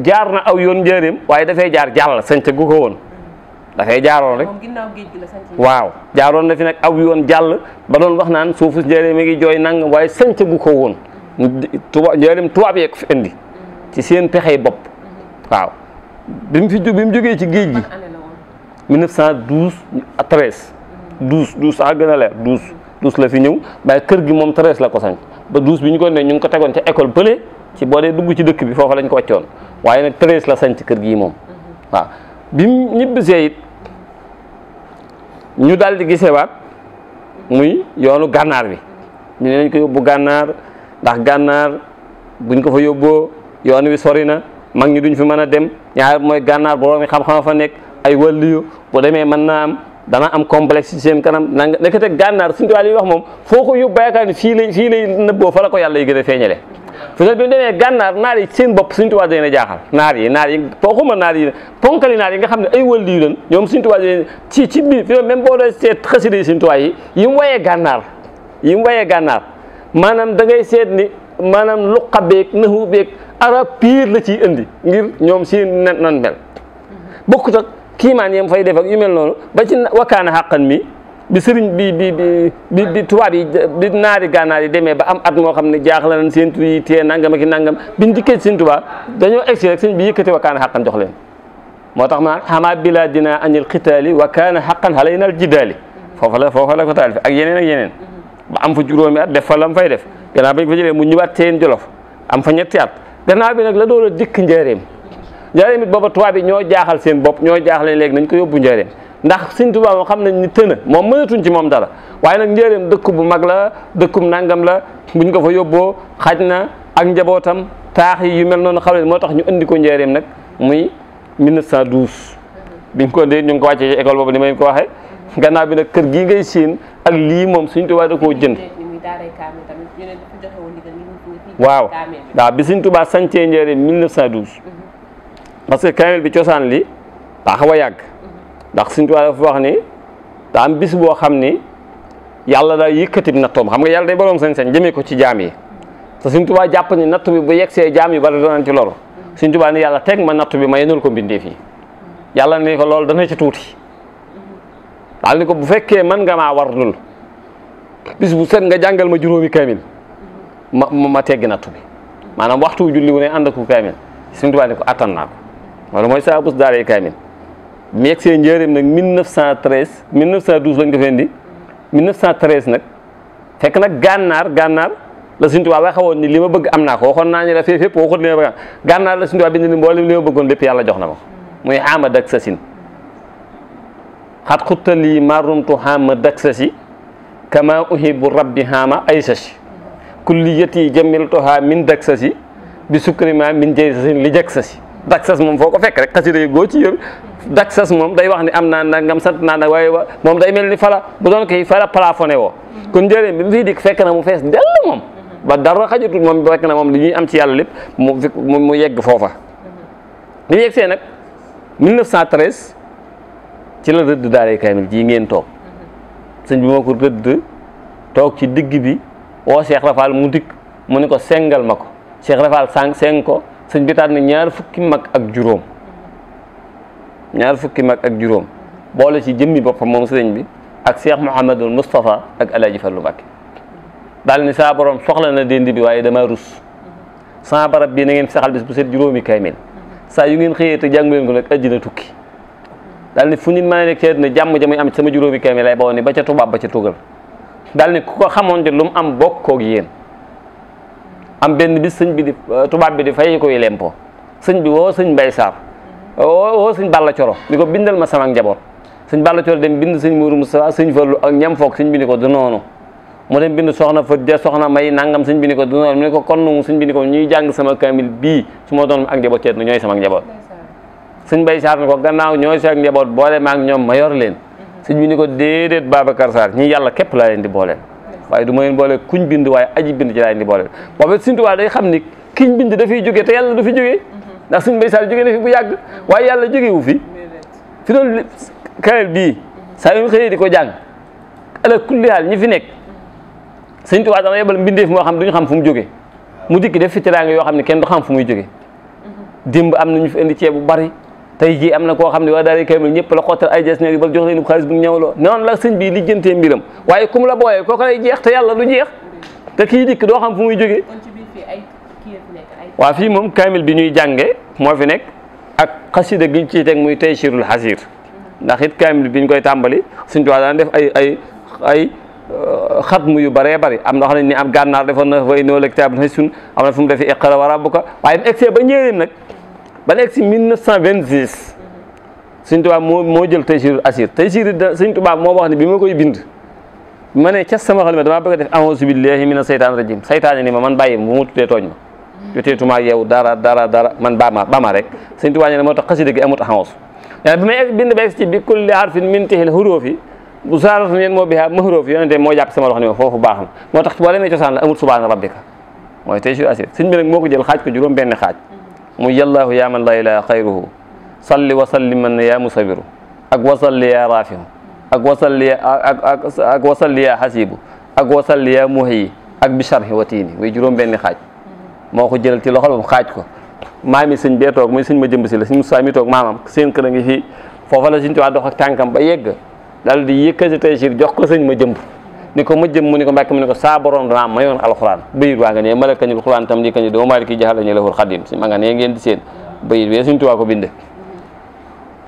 jaar na aw yoon njëriñ waaye dafay jaar jàll sañte gu ko woon. dafay jaaroon rek waaw jaaroon na fi nag aw yoon jàll ba doon wax naan suufu njëriñ mi ngi jooy nang waaye sànc gu ko woon tuba njëriñ tubaab yee fi indi ci seen pexey bopp waaw bi mu fi bi mu jógee ci géej gi 1912 13 12 12 a gën a leer 12 12 la fi ñëw waaye kër gi moom 13 la ko sañ ba 12 bi ñu ko ne ñu ngi ko tegoon ca école bële ci boo dee dugg ci dëkk bi foofa lañ ko wàccoon waaye nag 13 la sañ kër gi moom mhm. waaw bi mu ñu daal di waat muy yoonu gànnaar wi ñu ne nañ ko yóbbu gànnaar ndax gànnaar buñ ko fa yóbboo yoon wi sori na mag ñi duñ fi mën a dem ñaar mooy gànnaar boroomi xam-xam fa nekk ay wàlliyu bu demee mën naa am dana am complexe ci seen kanam na nga nekkate gànnaar suñu tubaab yi wax moom foo ko yóbbu yaakaar ni fii lay fii lay nëbboo fa la ko yàlla yi gën a feeñale peut être bi mu demee gànnaar naar yi seen bopp suñu tubaab dina jaaxal naar yi naar yi waxuma naar yi ponkali naar yi nga xam ne ay wëlli yu leen ñoom suñu tubaab dina ci ci biir fi même boo seet xasida yi suñu tubaab yi yi mu wayee gànnaar yi mu wayee gànnaar maanaam da seet ni maanaam luqa beeg nahu beeg arab pire la ciy indi ngir ñoom seen nan nan mel bokkut ak kiimaan yam fay def ak yu mel noonu ba ci wakkaana xàqan mi bi sëriñ bi bi bi bi tubaab yi bi naari gànnaar yi demee ba am at moo xam ne jaaxle nañ seen tur yi ki nangam ak nangam biñ dikkee seen tubaab dañoo egsi rek sëriñ bi yëkkati wa kaana xaqan jox moo tax ma xamaa bilaa dina añil xitaali wa kaana xaqan xalay nal jiddaali foofa la foofa la ko taalifi ak yeneen ak yeneen ba am fa juróomi at def fa lam fay def gannaaw bañ fa jëlee mu ñëwaat seen jolof am fa ñetti at gannaaw bi nag la door a dikk njaareem njaareem it booba tubaab yi ñoo jaaxal seen bopp ñoo jaaxle léegi nañ ko yóbbu njaareem ndax Sëñ Tuubaa xam nañ ni tëna moom mënatuñ ci moom dara waaye nag njëriñam dëkk bu mag la dëkkum nangam la buñ ko fa yóbboo xaj na ak njabootam taaxi yi yu mel noonu xam ne moo tax ñu indi ko njëriñam nag muy 1912. biñ ko indee ñu ngi ko wàccee école boobu ni may ko waxee gannaaw bi nag kër gii ngay siin ak lii moom Sëñ Tuubaa da koo waaw waaw bi Sëñ Tuubaa sancee njëriñ 1912. Mhm. parce que kaamil bi cosaan li daa a yàgg. ndax Sëñ Tuubaa dafa wax ni daa am bis boo xam ni yàlla daa yëkkatib nattoom xam nga yàlla day boroom sañ-sañ jëmee ko ci jaam yi te Sëñ Tuubaa jàpp ni natt bi bu see jaam yi bari danañ ci lool Sëñ ni yàlla teg ma nattu bi ma yenul ko mbindeef yi yàlla ni ko loolu dana ci tuuti daal ni ko bu fekkee man nga maa war lul bis bu set nga jàngal ma juróomi kaamil ma ma teggi nattu bi maanaam waxtu julli wu ne ànd ku kaamil Sëñ Tuubaa ni ko attan naa mooy saa bus daaree mu yegg see njëriñ nag 1913 1912 lañ ko fee indi 1913 nag fekk nag gànnaar gànnaar la Sëriñ Tuubaa waxoon ni li ma bëgg am naa ko waxoon naa ñu ne fépp fépp waxut li ma bëgg gànnaar la Sëriñ Tuubaa bind li ma bëggoon lépp yàlla jox na ma muy xaama dak sa sin xat xuttalii marumtu xaama dak sa si kama uhibu rabbi xaama ay sa si kulliyati jamiltoha min dak sa si bi sukrima min jay sa li jak sa si dak sas moom foo ko fekk rek xasida yi goo ci yor dak sas moom day wax ne am naa nangam sant naa nag waaye moom day mel ni fala bu doon koy fala plafonné woo kon njëriñ bi mu fiy dikk fekk na mu fees dell moom ba dara xajatul moom fekk na moom li ñuy am ci yàlla lépp mu mu yegg foofa li ñu yeggsee nag 1913 ci la rëdd daaray kaamil ji ngeen toog sëñ bi moo ko rëdd toog ci digg bi woo Cheikh Rafal mu dikk mu ne ko sengal ma ko Cheikh Rafal sang seng ko sëñ bi tànn ñaar fukki mag ak juróom ñaar fukki mag ak juróom boole ci jëmmi boppam moom sëñ bi ak Cheikh Mouhamadul Moustapha ak El Hadj Fallou Mbacké daal ni saa borom soxla na dénd bi waaye dama rus saa barab bi na ngeen saxal bis bu set juróomi kaymil saa yu ngeen xëyee te jàng leen ko nag àddina tukki daal ni fu nit mën a nekk ci àddina jàmm ja muy am sama juróomi kaymil lay boo ni ba ca tubaab ba ca tugal daal ni ku ko xamoon te lu mu am bokkoog yéen am benn bis sëñ bi di euh, tubaab bi di ko koy lempo sëñ bi woo sëñ Mbay Sarr mhm. woo woo sëñ Balla Coro di ko bindal ma sama njaboot sëñ Balla Coro dem bind sëñ Mourou Moustapha sëñ Fallu ak ñam foog sëñ bi ni ko du noonu mu dem bind soxna fët ja soxna may nangam sëñ bi ni ko du noonu mu ko kon sëñ bi ni ko ñuy jàng sama kaamil bii su ma doon ak njaboot teet na ñooy sama njaboot sëñ Mbay ni ko gannaaw ñooy sama njaboot boole ma ak ñoom ma yor leen mhm. sëñ bi ni ko déedéet Babacar Sarr ñi yàlla képp laa leen di booleel waaye du ma leen boole kuñ bind waaye aji bind ci laa leen di boole boobu Sëriñ Tuubaa day xam ni kiñ bind dafay joge te yàlla du fi jógee ndax Sëriñ Mbay Sall jógee na fi bu yàgg waaye yàlla jógee wu fi fi doon kaamil bii di ko jàng ala kulli haal ñi fi nekk Sëriñ Tuubaa dana yebal mbindeef moo xam duñu xam fu mu jógee mu dikki def fi teraanga yoo xam ne kenn du xam fu muy jógee dimb am na ñu fi indi ceeb bu bari tey jii am na koo xam ne waa daara kamil ñëpp la xottal ay jas ne ba jox leen xaalis bu ñëw loo noonu la sëñ bi lijjantee mbiram waaye kum la booyee kooku lay jeex te yàlla du jeex te kii dikk doo xam fu muy jógee waaw fii moom kaamil bi ñuy jànge moo fi nekk ak xasida gi ci teg muy tey sirul xasir ndax it kaamil bi ñu koy tàmbali suñ tuwaa daan def ay ay ay uh, xatmu yu bëree bëri am na xam ne ni am gànnaar defoon na fay noo lëg taab na sun am na fu mu defee iqra wa rabbuka waaye mu egsee ba ñëwee nag bale ba nekk si 1926 Sëñ Tuubaa moo moo jël Taysiirul Asiir Taysiir Sëñ Tuubaa moo wax ne bi moo koy bind ma ne ca sama xel ma damaa bëgg a def a'uuzu billaahi mina seytaani rajiim seytaane ni ma man bàyyi bu ma tuddee tooñ ma joteetuma ak yow dara dara dara man baama baama rek Sëñ Tuubaa moo tax xasida gi amut a'uuzu yaa bi may bind ba ci bi kulli harfin min tihil huruufi bu saaratan yéen moo bihaa mahruuf yonente moo jàpp ne ma baax na moo tax boo demee cosaan moo ko jël xaaj ko juróom benn xaaj mu yallaahu yaa man laa ilaaha xayruhu salli wa salli man yaa musabiru ak wasalli yaa raafihu ak wasalli ak ak wasalli yaa xasibu ak wasalli yaa muhyi ak bisharhi watiini way juróom benni xaaj moo ko jëlal ci loxo moom xaaj ko maami sëñ bee toog muy sëñ ma jëmb si la sëñ Musaa mi toog maamam seen kër a ngi fii foofa la sëñ Tuubaa tànkam ba yegg daal di yëkkati tey jox ko sëñ ma jëmb ni ko mujjëm mu ni ko mbàkk mu ni ko saa borom danaa mayoon alxuraan bayit waa nga ne mala kañul xuraan tam li kañu doo maari ki jaxal lañu laful xadim si ma nga ne ngeen di seen bayit wee suñ tuwaa ko bind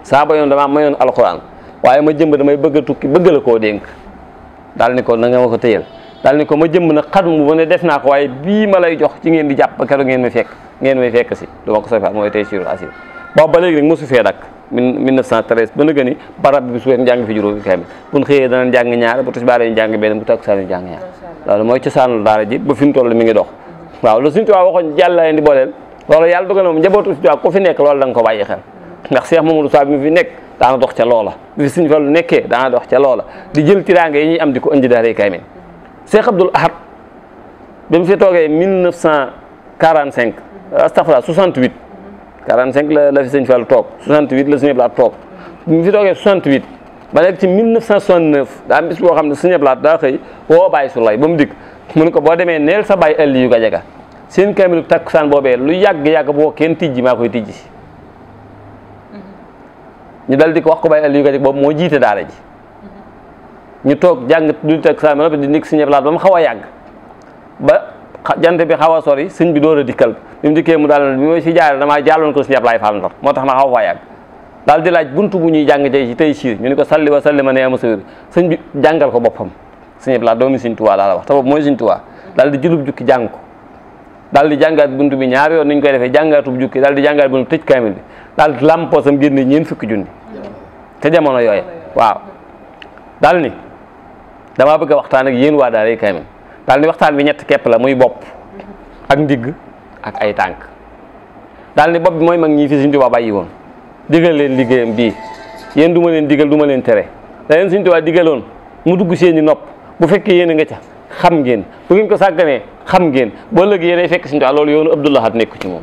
saa borom danaa mayoon alxuraan waaye ma jëmb damay bëgg a tukki bëgg la koo dénk daal ni ko na nga ma te tëyal daal ni ko ma jëmb na xat mu ba ne def naa ko waaye bii ma lay jox ci ngeen di jàpp keroog ngeen may fekk ngeen may fekk si du ko sofia mooy tey sur asir boobu ba léegi nag fee dakk 1913 ba nga ni barab bi su fekkee jàng fi juróomi kaamil bu ñu xëyee danañ jàng ñaar bu tisbaaree ñu jàng benn bu takkusaan ñu jàng ñaar loolu mooy cosaanul daara ji ba fi mu ngi dox waaw lu Sëriñ Tuubaa waxoon yàlla leen di booleel loolu yàlla dogal na moom njabootu Sëriñ Tuubaa ku fi nekk loolu da ko bàyyi xel ndax Cheikh Mamadou Sa bi fi nekk daana dox ca loola bi fi Sëriñ Fallu nekkee daana dox ca loola di jël tiraanga yi am di ko indi daaray kaamil Cheikh Abdoul Ahad bi mu fi 45 la la fi sëñ Fall toog 68 la sëñ Ablaat toog mu fi toogee 68 ba nekk ci 1969 daa am bis boo ne sëñ Ablaat daa xëy woo Baye Soulay ba mu dikk mu ne ko boo demee neel sa Baye Aliou Gadiaga seen kaamilu takkusaan boobee lu yàgg-yàgg boo kenn tijji maa koy tijji mhm. ñu dal di ko wax ko Baye Aliou Gadiaga boobu moo jiite daara ji mhm. ñu toog jàng du takkusaan ba noppi di nekk sëñ Ablaat ba mu xaw a yàgg ba jant bi xaw a sori sëñ bi door a dikkal bi mu dikkee mu daal moo si jaar damaa jaaloon ko suñu Ablaay Fall Ndor moo tax ma xaw faa yàgg dal di laaj bunt bu ñuy jàng tey ci tey siir ñu ni ko salli wa salli ma ne ama sawir sëñ bi jàngal ko boppam sëñ Ablaay doomi sëñ Tuubaa laa la wax te boobu mooy sëñ Tuubaa daal di julub jukki jàng ko daal di jàngaat bunt bi ñaari yoon ni ñu koy defee jàngaatub jukki daal di jàngaat buntu tëj kaamil bi daal di làmpoo sam génne ñeen fukki junni te jamono yooye waaw daal ni damaa bëgg a waxtaan ak yéen waa daaray daal ni waxtaan bi ñett kepp la muy bopp ndigg ak ay tànk daal ne bopp mooy mag ñi fi Sëñ Tuubaa bàyyi woon digal leen liggéeyam bii yéen du ma leen digal du ma leen tere da leen Sëñ Tuubaa digaloon mu dugg seeni nopp bu fekkee yéen a nga ca xam ngeen bu ngeen ko sàgganee xam ngeen boo léegi yéenay fekk Sëñ Tuubaa loolu yoonu Abdoulahat nekku ci moom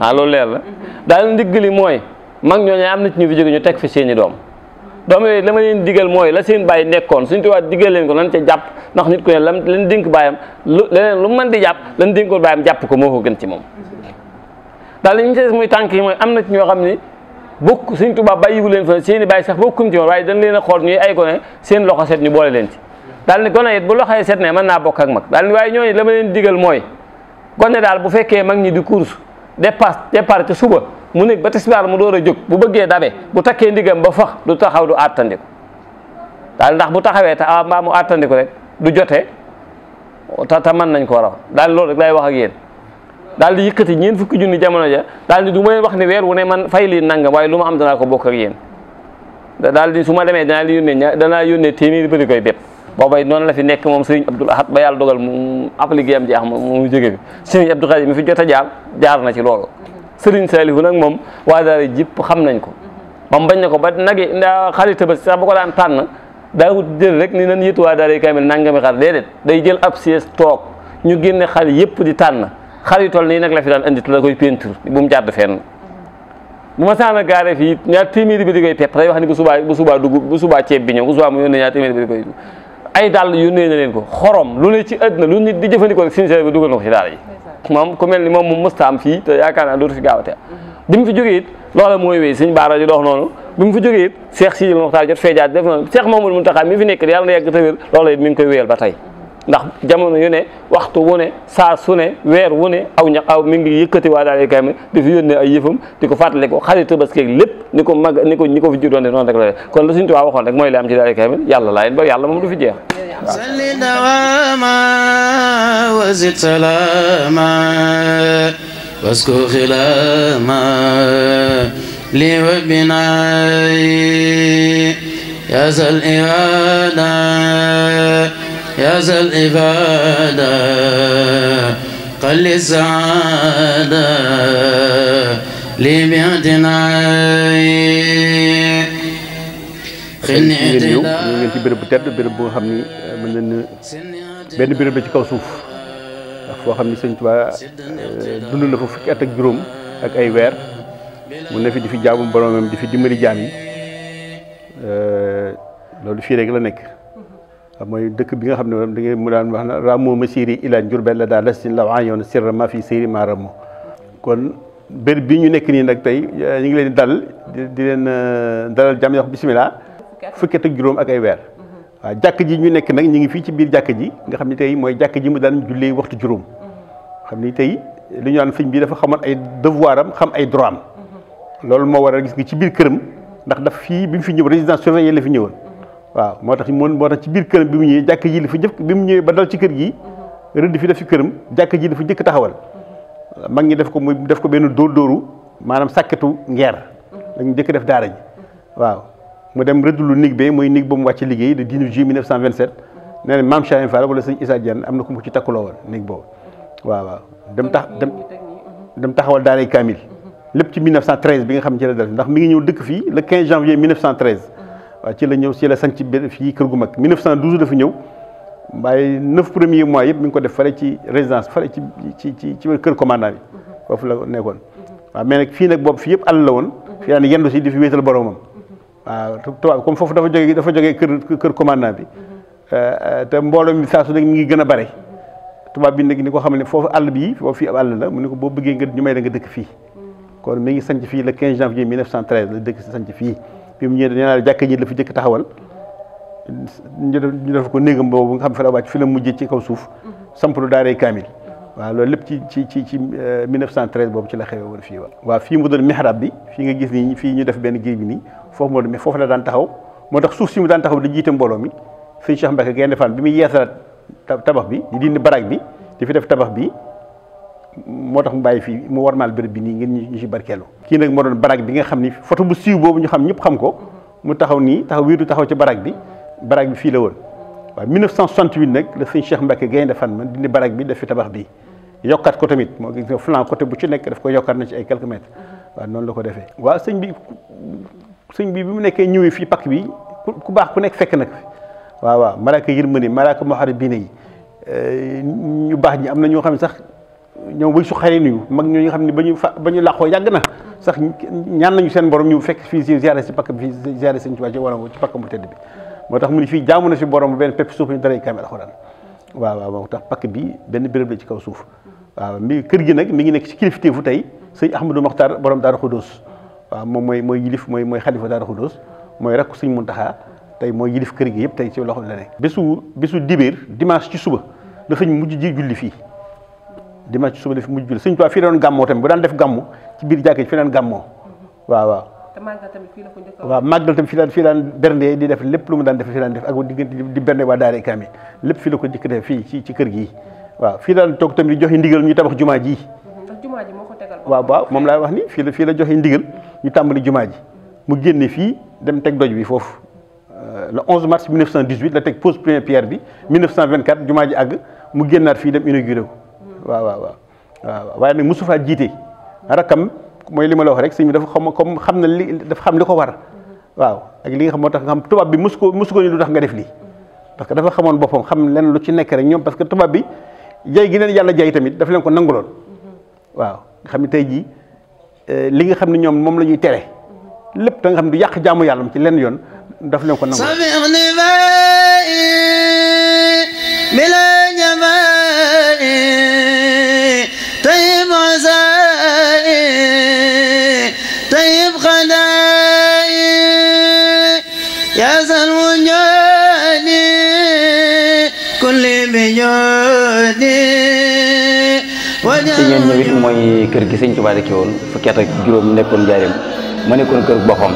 ah loolu leer la mm-hmm. daal ndigal li mooy mag ñooñu am na ci ñu fi jóge ñu teg fi seeni doom doom yooyu la ma leen digal mooy la seen bàyyi nekkoon suñ tubaab digal leen ko lan ca jàpp ndax nit ku ne lam leen dénk bàyyam lu man lu mën di jàpp lan dénkoon bàyyam jàpp ko moo ko gën ci moom daal li ñu ci tànk yi mooy am na ñoo xam ni bokk suñ tubaab bàyyiwu leen fa seen i bàyyi sax bokkuñ ci dañ leen xool ñuy ay gone seen loxo set boole leen ci daal ni gone bu loxo yi set ne mën naa bokk ak mag daal ni waaye ñooñu la ma leen digal mooy gone daal bu fekkee mag ñi di course départ départ ca suba mu nekk ba tisbaar mu door a jóg bu bëggee dabe bu takkee ndigam ba fax du taxaw du àttandiku daal ndax bu taxawee te ah mbaa mu àttandiku rek du jotee ta te mën nañ ko raw daal loolu rek lay wax ak yéen daal di yëkkati ñeen fukki junni jamono ja daal di du ma leen wax ne weer wu ne man fay lii nangam waaye lu ma am danaa ko bokk yen da daal di su ma demee danaa yónnee ña danaa yónnee téeméeri bëri koy bépp boobay noonu la fi nekk moom sëriñ Abdoul Ahad ba yàlla dogal mu appliqué jeex mu mu jóge fi sëriñ Abdou Khadim mi fi jot jaar jaar na ci loolu Serigne Saliou nag moom waa daara jëpp xam nañ ko moom bañ na ko ba nag xari Tabaski sax bu ko daan tànn daa wut jël rek ni nan yëtu waa daara yi kaamil nangami xar déedéet day jël ab siège toog ñu génne xar yëpp di tànn xar yu toll nii nag la fi daan indi te da koy peinture bu mu jàdd fenn bu ma fii ñaar téeméeri bi di koy pepp day wax ni subaa bu subaa dugub bu subaa ceeb bi ñëw bu subaa mu yónnee ñaar téeméeri bi di koy ay dàll yónnee na leen ko xorom lu ne ci àddina lu nit di jëfandikoo rek sincère bi dugal yi moom ku mel ni moom moom mësta fii te yaakaar naa dootu fi gaawate bi mu fi jógee it loola mooy wéy suñ baara di dox noonu bi mu fi jógee it Cheikh Sidil Mokhtar jot feejaat def noonu Cheikh Mamadou Mountakha mi fi nekk yàlla na yàgg te wér loola it mi ngi koy wéyal ba tey ndax jamono yu ne waxtu wu ne saa su ne weer wu ne aw ñax aw mi ngi yëkkati waa daal kay mi di fi yónnee ay yëfam di ko fàttali ko xarit tabaski lépp ni ko mag ni ko ñi ko fi jur doon de noonu rek la kon la suñu tubaab waxoon rek mooy li am ci daal kay mi yàlla laa yéen ba yàlla du fi jeex salli dawama wa zid salama li wa binaay ya zal irada يا ذا الإبادة قل السعادة لبيعتنا xëy ngeen ñëw ñëw ngeen ci béréb bu tedd béréb bu nga xam ni euh, mën nañ benn béréb la ci kaw suuf ndax euh, foo xam ni sëñ Tuubaa euh, dund na fa fukki at ak juróom ak ay weer mu ne fi di fi jaamu boromam di fi dimbali jaami loolu fii rek la nekk. mooy dëkk bi nga xam ne moom da mu daan wax na ramo ma siri ilaan Jurbel la daal las tin law an yoon sirra ma fi siri ma ramo kon bér bi ñu nekk nii nag tey ñu ngi leen dal di leen euh, dalal jàmm yox bisimilah fukki juróom ak ay weer jàkk ji ñu nekk nag ñu ngi fii ci biir jàkk ji nga xam ne tey mooy jàkk ji mu daan jullee waxtu juróom xam ni tey li ñu naan fiñ bi dafa xamoon ay devoir am xam ay droit am loolu moo war a gis ngi ci biir këram ndax daf fii bi mu fi ñëw résidence surveillée la fi ñëwoon waaw moo tax moo tax ci biir këram bi mu ñëwee jàkk ji li fa jëkk bi mu ñëwee ba dal ci kër gi mhm. rëdd fi def fi këram jàkk ji li fa njëkk taxawal mhm. mag ñi def ko mu def ko benn dóor dóoru maanaam sàkketu ngeer mhm. lañu njëkk def daara ji waaw mu dem rëdd lu nig be mooy nig ba mu wàcc liggéey le 19 juillet 1927 nee na maam Cheikh Fall wala sëñ Issa Diagne am na ku mu ci takkuloo woon nig boobu waaw waaw dem bi nga xam ci la dal ndax mi ngi ñëw dëkk fii le 15 janvier ci la ñëw ci la sanc fii kër gu mag 1912 dafa ñëw waaye neuf premiers mois yëpp mu ngi ko def fare ci résidence fare ci ci ci ci kër commandant bi mhm. foofu la nekkoon mhm. waaw mais nag fii nag boobu fii yëpp àll la woon mhm. fii si di fi wéetal boromam waaw foofu dafa jógee dafa jógee kër kër commandant bi euh, euh, te mbooloo mi saa su nekk ngi gën a bare tubaab bi nag ni xam ne foofu àll bi foofu fii mu ne ko boo bëggee nga ñu may la nga dëkk fii kon mi ngi sanc fii le 15 janvier 1913 la dëkk sanc fii bi mu ñëwee nee naa jàkka ji la fi jëkk taxawal ñu def ko néegam boobu nga xam fi la wàcc fi la mujjee ci kaw suuf sampalu daaree kaamil waa loolu lépp ci ci ci ci 1913 euh, boobu ci la xewee woon fii waa waaw fii mu doon mihrab bi fii nga gis nii fi ñu def benn géej bi nii foofu moo doon foofu la daan taxaw moo tax suuf si mu daan taxaw di jiite mbooloo mi sëñ Cheikh Mbacke Gaynde Fall bi muy yeesalaat tabax bi di dindi barak bi di fi def tabax bi moo tax mu bàyyi fii mu warmaal bërëb bi nii ngeen ñu ci barkeelu kii nag moo doon barak bi nga xam ni photo bu siiw boobu ñu xam ñëpp xam ko mu taxaw nii taxaw wéeru taxaw ci barak bi barak bi fii la woon waaw 1968 nag la sëñ Cheikh Mbacke Gaynde Fatma dindi barak bi daf tabax bi yokkat ko tamit moo gis flanc côté bu ci nekk daf ko yokkaat na ci ay quelques mètres waaw noonu la ko defee waaw sëñ bi sëñ bi bi mu nekkee ñëwee fii pakk bi ku baax ku nekk fekk nag waaw waaw malaaka yërmande malaaka muharibina yi ñu baax ñi am na ñoo xam ne sax ñoom wëy su xaree nuyu mag ñoo nga xam ne ba ñu fa ba ñu làqoo yàgg na sax ñaan nañu seen borom ñu fekk fii si si pakk bi pakk bi moo tax mu ni fii jaamu na waaw waaw moo tax pakk bi benn béréb la ci kaw suuf waaw mi kër gi nag mi ngi nekk ci kilifteefu tey sëñ Ahmadou Mokhtar borom Daaru Xudóos waaw moom mooy mooy yilif mooy mooy xalifa Daaru Xudóos mooy rakku sëñ Muntaxa tey mooy yilif kër gi yëpp tey ci loxo la nekk bésu bésu dibéer dimanche ci suba dafañ mujj ji julli dimanche suba la fi mujj julli Sëñ Tuubaa fii la doon gàmmoo tamit bu daan def gàmmu ci biir jàkk ji fii la doon gàmmoo mm-hmm. waaw waaw waaw màggal tamit fii daan fii daan bernde di def lépp lu mu daan def fii daan def ak diggante di bernde waa daara kaam yi lépp fii la ko jëkk def fii ci ci kër gi mm-hmm. waaw fii daan toog tamit joxe ndigal ñu tabax jumaa ji mm-hmm. waaw waaw moom laa wax ni fii la fii la joxe ndigal ñu tàmbali jumaa ji mu génne fii dem teg doj bi foofu euh, le 11 mars 1918 la t pose première pierre bi 1924 jumaa ji àgg mu génnaat fii dem inauguré ko waaw waaw waaw waaye nag mosu faa jiite rakam mooy li ma la wax rek sëñ bi dafa xam comme xam na li dafa xam li ko war waaw ak li nga xam bi mosu ko ko ni lu tax nga def lii parce que dafa xamoon xam leen lu ci nekk rek ñoom parce que tubaab bi jay gi leen yàlla jay tamit daf leen ko nanguloon waaw nga xam ne tey eh, li nga xam ne ñoom moom la ñuy tere lépp da xam du yàq jaamu yàlla ci leen yoon daf leen ko nanguloon ci ñeen ñëw it mooy kër gi sëñ Tuubaa dëkke woon fukki at ak juróom nekkoon njaareem ma nekkoon kër boppam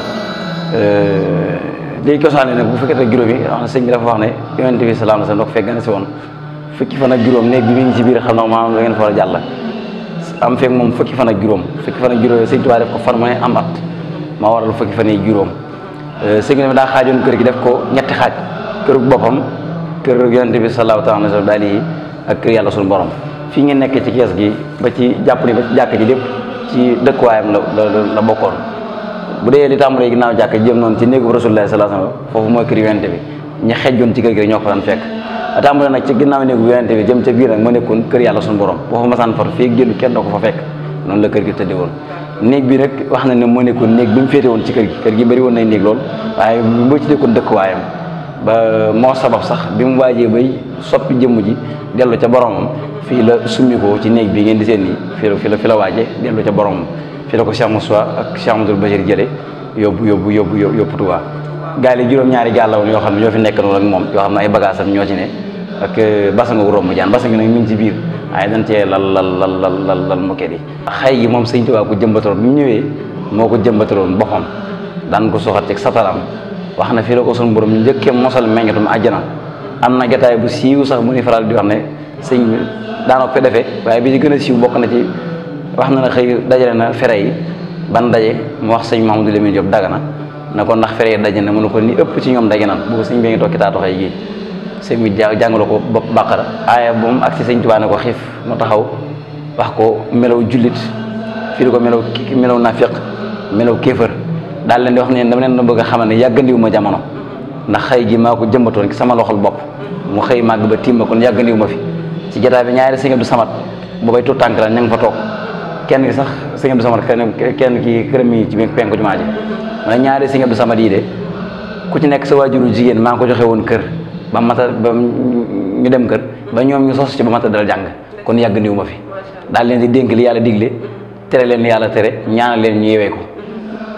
léegi cosaane bu fukki at ak juróom yi wax na sëñ bi dafa wax ne yonent bi salaam la sa woon fukki fan ak juróom léegi bi mu ngi si biir xam na maanaam da ngeen war a jàll am fekk moom fukki fan ak juróom fukki fan ak juróom sëñ Tuubaa ko fan mu am at maa waral fukki fan yi juróom sëñ bi daa xaajoon kër gi def ko ñetti xaaj kërug boppam kër yonte bi sallallahu taala alayhi ak kër yàlla suñu borom fii ngeen nekk ci kees gi ba ci jàpp ni ba ci jàkk ji lépp ci dëkkuwaayam la la bokkoon bu dee li tàmbalee ginnaaw jàkk jëm noonu ci néegu rasulullah sallallahu alayhi wasallam foofu mooy kër yonte bi ñi xejjoon ci kër gi ñoo ko daan fekk tàmbalee nag ci ginnaaw néegu bi jëm ca biir nag ma nekkoon kër yàlla suñu borom boo fa masaan far fii génn kenn doo ko fa fekk noonu la kër gi tëdde woon néeg bi rek wax na ne moo nekkoon néeg bi mu féete woon ci kër gi kër gi bari woon nay néeg lool waaye moo ci nekkoon dëkkuwaayam ba moo sabab sax bi mu waajee bay sopp jëmm ji dellu ca boromam fii la summi ko ci néeg bi ngeen di seen nii fii la fi la fi la waaje dellu ca boromam fii la ko Cheikh Moussa ak Cheikh Amadou Bachir jële yóbbu yóbbu yóbbu yóbbu Tuubaa gaal yi juróom-ñaari gaal woon yoo xam ne ñoo fi nekk noonu ak moom yoo xam ne ay bagages ñoo ci ne ak euh, basangu romb jaan basangu nag mi ngi ci biir waaye dañ cee lal lal lal lal lal lal moket yi xay gi moom sëñ Tuubaa ko jëmbataloon bi mu ñëwee moo ko jëmbataloon boppam daan ko soxat teg sataram wax na fii la ko sunu borom njëkkee mosal meññatum àjjana am na jataay bu siiw sax bu ni faral di wax ne sëñ bi daana ko defee waaye bi ci gën a siiw bokk na ci wax na na xëy dajale na fere yi ban daje mu wax sëñ Mahamadou Lamine Diop Dagana na ko ndax fere yi daje na mu ne ko ni ëpp ci ñoom daje nan boobu sëñ bi ngi toog ci taatoxay gi sëñ bi jàngaloo ko bopp bàqara aaya bu mu ak si sëñ Tuubaa ne ko xiif mu taxaw wax ko melaw jullit fii di ko melaw melaw nafiq melaw kéefër daal leen di wax ne dama leen bëgg a xamal ne yàggandiwu ma jamono ndax xëy gi maa ko jëmbatoon ci sama loxol bopp mu xëy màgg ba tiim ma kon yàggandiwu ma fi ci jotaay bi ñaari sëñ Abdou Samad boobay tuut tànk la ña nga fa toog kenn ki sax sëñ Abdou Samad kenn ki këram yi ci biir penku jumaa ji ma ne ñaari sëñ Abdou Samad ku ci nekk sa waajuru jigéen maa ko joxe woon kër ba mata ba ñu dem kër ba ñoom ñu sos ci ba mata dal jàng kon yàggandiwu ma fi daal leen di dénk li yàlla digle tere leen yàlla tere ñaanal leen ñu yewee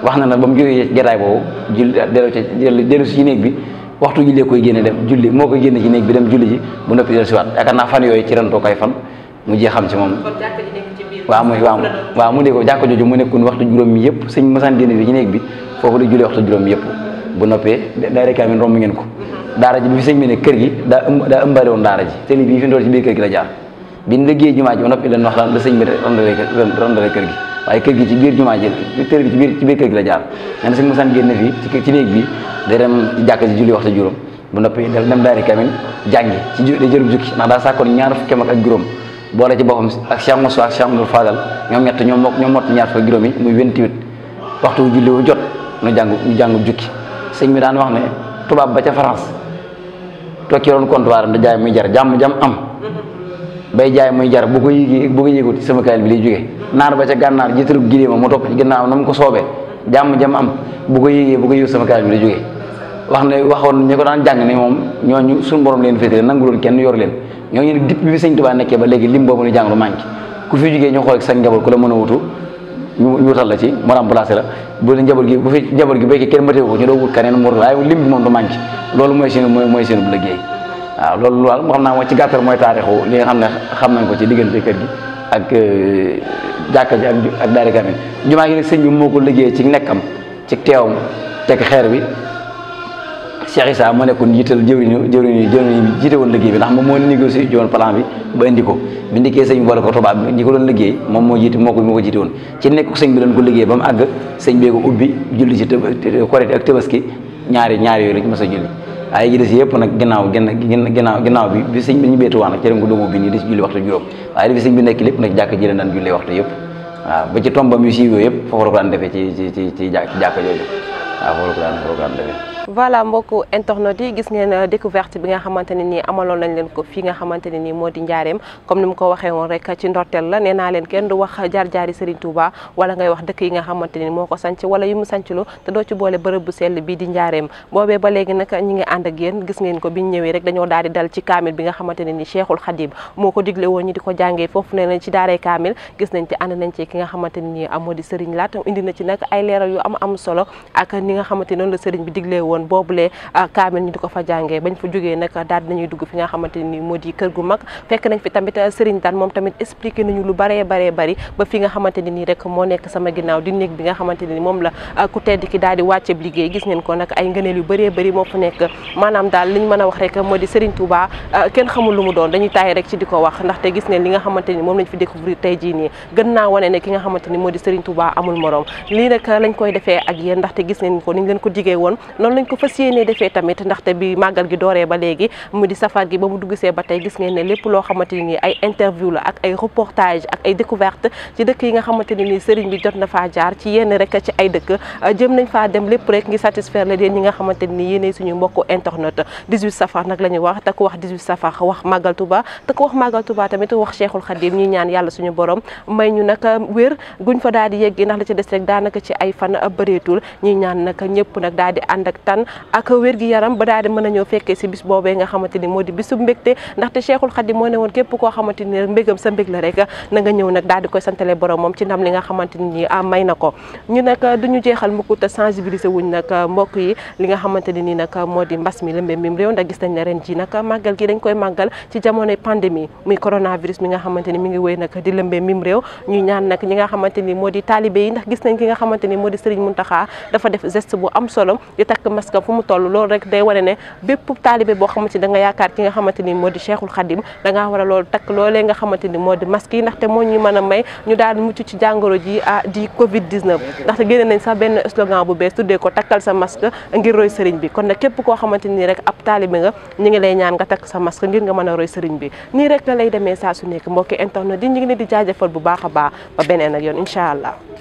wax na na ba mu jógee jataay boobu julli dellu dellu si ci néeg bi waxtu jullee koy génne dem julli moo koy génne ci néeg bi dem julli ji bu noppi dellu siwaat yaakaar naa fan yooyu ci rentoo koy fan mu jee xam ci moom waaw muy waaw waaw mu dee ko jàkka jooju mu nekkoon waxtu juróom yi yëpp sëñ masaan génne bi ci néeg bi foofu la jullee waxtu juróom yëpp bu noppee daara kaamil romb ngeen ko mhm. daara ji bi fi sëñ bi ne kër gi daa daa ëmbaale woon daara ji te lii bii fi ndool ci biir kër gi la wax la sëñ bi randale kër waaye kër gi ci biir jumaa ji kër gi ci biir ci biir kër gi la jaar nee na sëñ génn fii ci ci néeg bi day dem jàkka ji julli waxtu juróom bu noppi dem dem daari kamin jàngi ci day jërub jukki ndax daa sàkkoon ñaar fukki mag ak juróom boole ci boppam ak Cheikh Moussa ak Cheikh Moussa Fadal ñoom ñett ñoom mokk ñoom mott ñaar fukki juróom yi muy 28 waxtu julli wu jot nu jàng ñu jàngu jukki sëñ bi daan wax ne tubaab ba ca France toog ci roon comptoir da jaay muy jar jàmm jàmm am bay jaay muy jar bu ko yéegee bu ko yéegut sama kaal bi lay jógee naar ba ca gànnaar jiitalu giléema mu topp ci ginnaaw na mu ko soobee jàmm jam am bu ko yéegee bu ko yéegut kaal bi lay jógee wax ne waxoon ñi ko daan jàng ne moom ñooñu suñu borom leen féetale nangu loon kenn yor leen ñooñu ne dipp bi sëñ ba léegi lim boobu ñu jàng lu manqué ku fi jógee ñu xool sa njaboot ku la a wutu ñu wutal la la bu la njaboot gi bu fi njaboot gi béykat kenn mateewu ko ñu doo wut keneen mu waaye lim bi moom du manqué loolu mooy seen mooy mooy seen bu liggéey waaw loolu loolu moo xam naa mooy ci gàttal mooy taarixu li nga xam ne xam nañ ko ci diggante kër gi ak euh, jàkka ji ak ak daari kaamil jumaa gi nag sëñ bi moo liggéey ci nekkam ci teewam tekk xeer bi Cheikh Issa moo nekkoon jiital jëwriñu jëwriñu jëwriñu jiite woon liggéey bi moom moo négocié joon plan bi ba indi ko bi ndikee sëñ bi boole ko tubaab bi ko doon liggéey moom moo jiite moo ko moo ko jiite ci nekk sëñ bi doon ko liggéey ba mu àgg sëñ bee ko ubbi julli ci korité ak tabaski ñaari ñaari yooyu lañ mës a julli ay ji des yëpp nag ginnaaw genn ginnaaw ginnaaw bi bi sëñ bi ñu beetuwaa nag cërëm gu dumu bi nii di si julli waxtu juróom waaye bi sëñ bi nekk lépp nag jàkk ji leen daan julli waxtu yëpp waaw ba ci tombam yu siiw yooyu yëpp foofu la ko daan ci jàkk jooju waaw foofu la la ko daan voilà mbokk internautes yi gis ngeen euh, découverte bi nga xamante ne nii amaloon leen ko fii nga xamante ne nii moo di njaareem comme ni mu ko waxee woon rek ci ndorteel la nee leen kenn wax jaar-jaari Serigne Touba wala ngay wax dëkk yi nga xamante ni moo ko sanc wala yu mu sanclu te doo ci boole bërëb bu sell bii di njaareem boobee ba léegi nag ñi ngi ànd ak gis ngeen ko biñ ñëwee rek dañoo daal di dal ci kaamil bi nga xamante ne nii Cheikhul Khadim moo ko digle woon ñi di ko jàngee foofu ne nañ ci daaree kaamil gis nañ ci ànd nañ ci ki nga xamante ne nii amoo di Serigne Laat indi na ci nag ay leeral yu am am solo ak ni nga xamante noonu la sëriñ bi diglee woon woon boobule ah, kaamel ñu di ko fa jàngee bañ fa jógee nag daal nañuy dugg fi nga xamante ni moo di kër gu mag fekk nañ fi tamit ah, Serigne Daan moom tamit expliqué nañu lu baree baree bari ba fi nga xamante rek moo nekk sama ginnaaw di néeg bi nga xamante ni moom la ah, ku tedd ki daal di wàcceeb liggéey gis ngeen ko nag ay ngëneel yu bëree bëri moo fa nekk maanaam daal liñ mën a wax rek moo di Serigne Touba kenn xamul lu mu doon dañuy taay rek ci di ko wax ndaxte gis ngeen li nga xamante ni moom lañ fi découvrir tey jii nii gën naa wane ne ki nga xamante moo di Serigne Touba amul morom lii nag lañ koy defee ak yéen ndaxte gis ngeen ko niñ leen ko digee woon noonu lañ ko fas yéenee defee tamit ndaxte bi màggal gi dooree ba léegi mu di safar gi ba mu dugg see ba tey gis ngeen ne lépp loo xamante ne nii ay interview la ak ay reportage ak ay découverte ci dëkk yi nga xamante ne nii sëriñ bi jot na faa jaar ci yenn rek ci ay dëkk euh, jëm nañ faa dem lépp rek ngi satisfaire la yéen ñi nga xamante ne nii yéenay suñu mbokku internet 18 safar nag la ñuy wax te ku wax 18 safar wax màggal Touba te ku wax màggal Touba tamit wax Cheikhul Khadim ñuy ñaan yàlla suñu borom may ñu nag euh, wér guñ fa daal di yegg ndax la ci des rek daanaka ci ay fan euh, bëreetul ñuy ñaan nag ñëpp nag kattan ak wér-gi-yaram ba daal di mën a ñëw fekkee si bis boobee nga xamante moo di bisub ne woon na daal di koy santale borom moom ci ndam li nga xamante ni ah may ñu nag duñu jeexal mukk te sensibiliser wuñ mbokk yi li nga xamante ni nag moo di mbas mi lëmbe mim réew ndax gis nañ ne ren ji nag màggal gi dañ koy màggal ci jamonoy pandémie muy coronavirus mi nga xamante ni mi ngi wéy nag di lëmbe mim réew ñuy ñaan nag ñi nga xamante ni moo di taalibe yi ndax gis nañ ki nga xamante ni moo di Serigne Mountakha dafa def geste bu am solo di takk parce que fu mu toll loolu rek day wane ne bépp taalibe boo xamante ni da nga yaakaar ki nga xamante ni moo di Cheikhul Khadim da ngaa war a loolu takk loolee nga xamante ni moo di masque yi ndaxte moo ñu mën a may ñu daal mucc ci jàngoro ji ah di Covid 19 ndaxte génne nañ sax benn slogan bu bees tuddee ko takkal sa masque ngir roy sëriñ bi kon nag képp koo xamante ni rek ab taalibe nga ñu ngi lay ñaan nga takk sa masque ngir nga mën a roy sëriñ bi nii rek lay demee saa su nekk mbokki internet di ñu ngi leen di jaajëfal bu baax a baax ba beneen ak yoon incha allah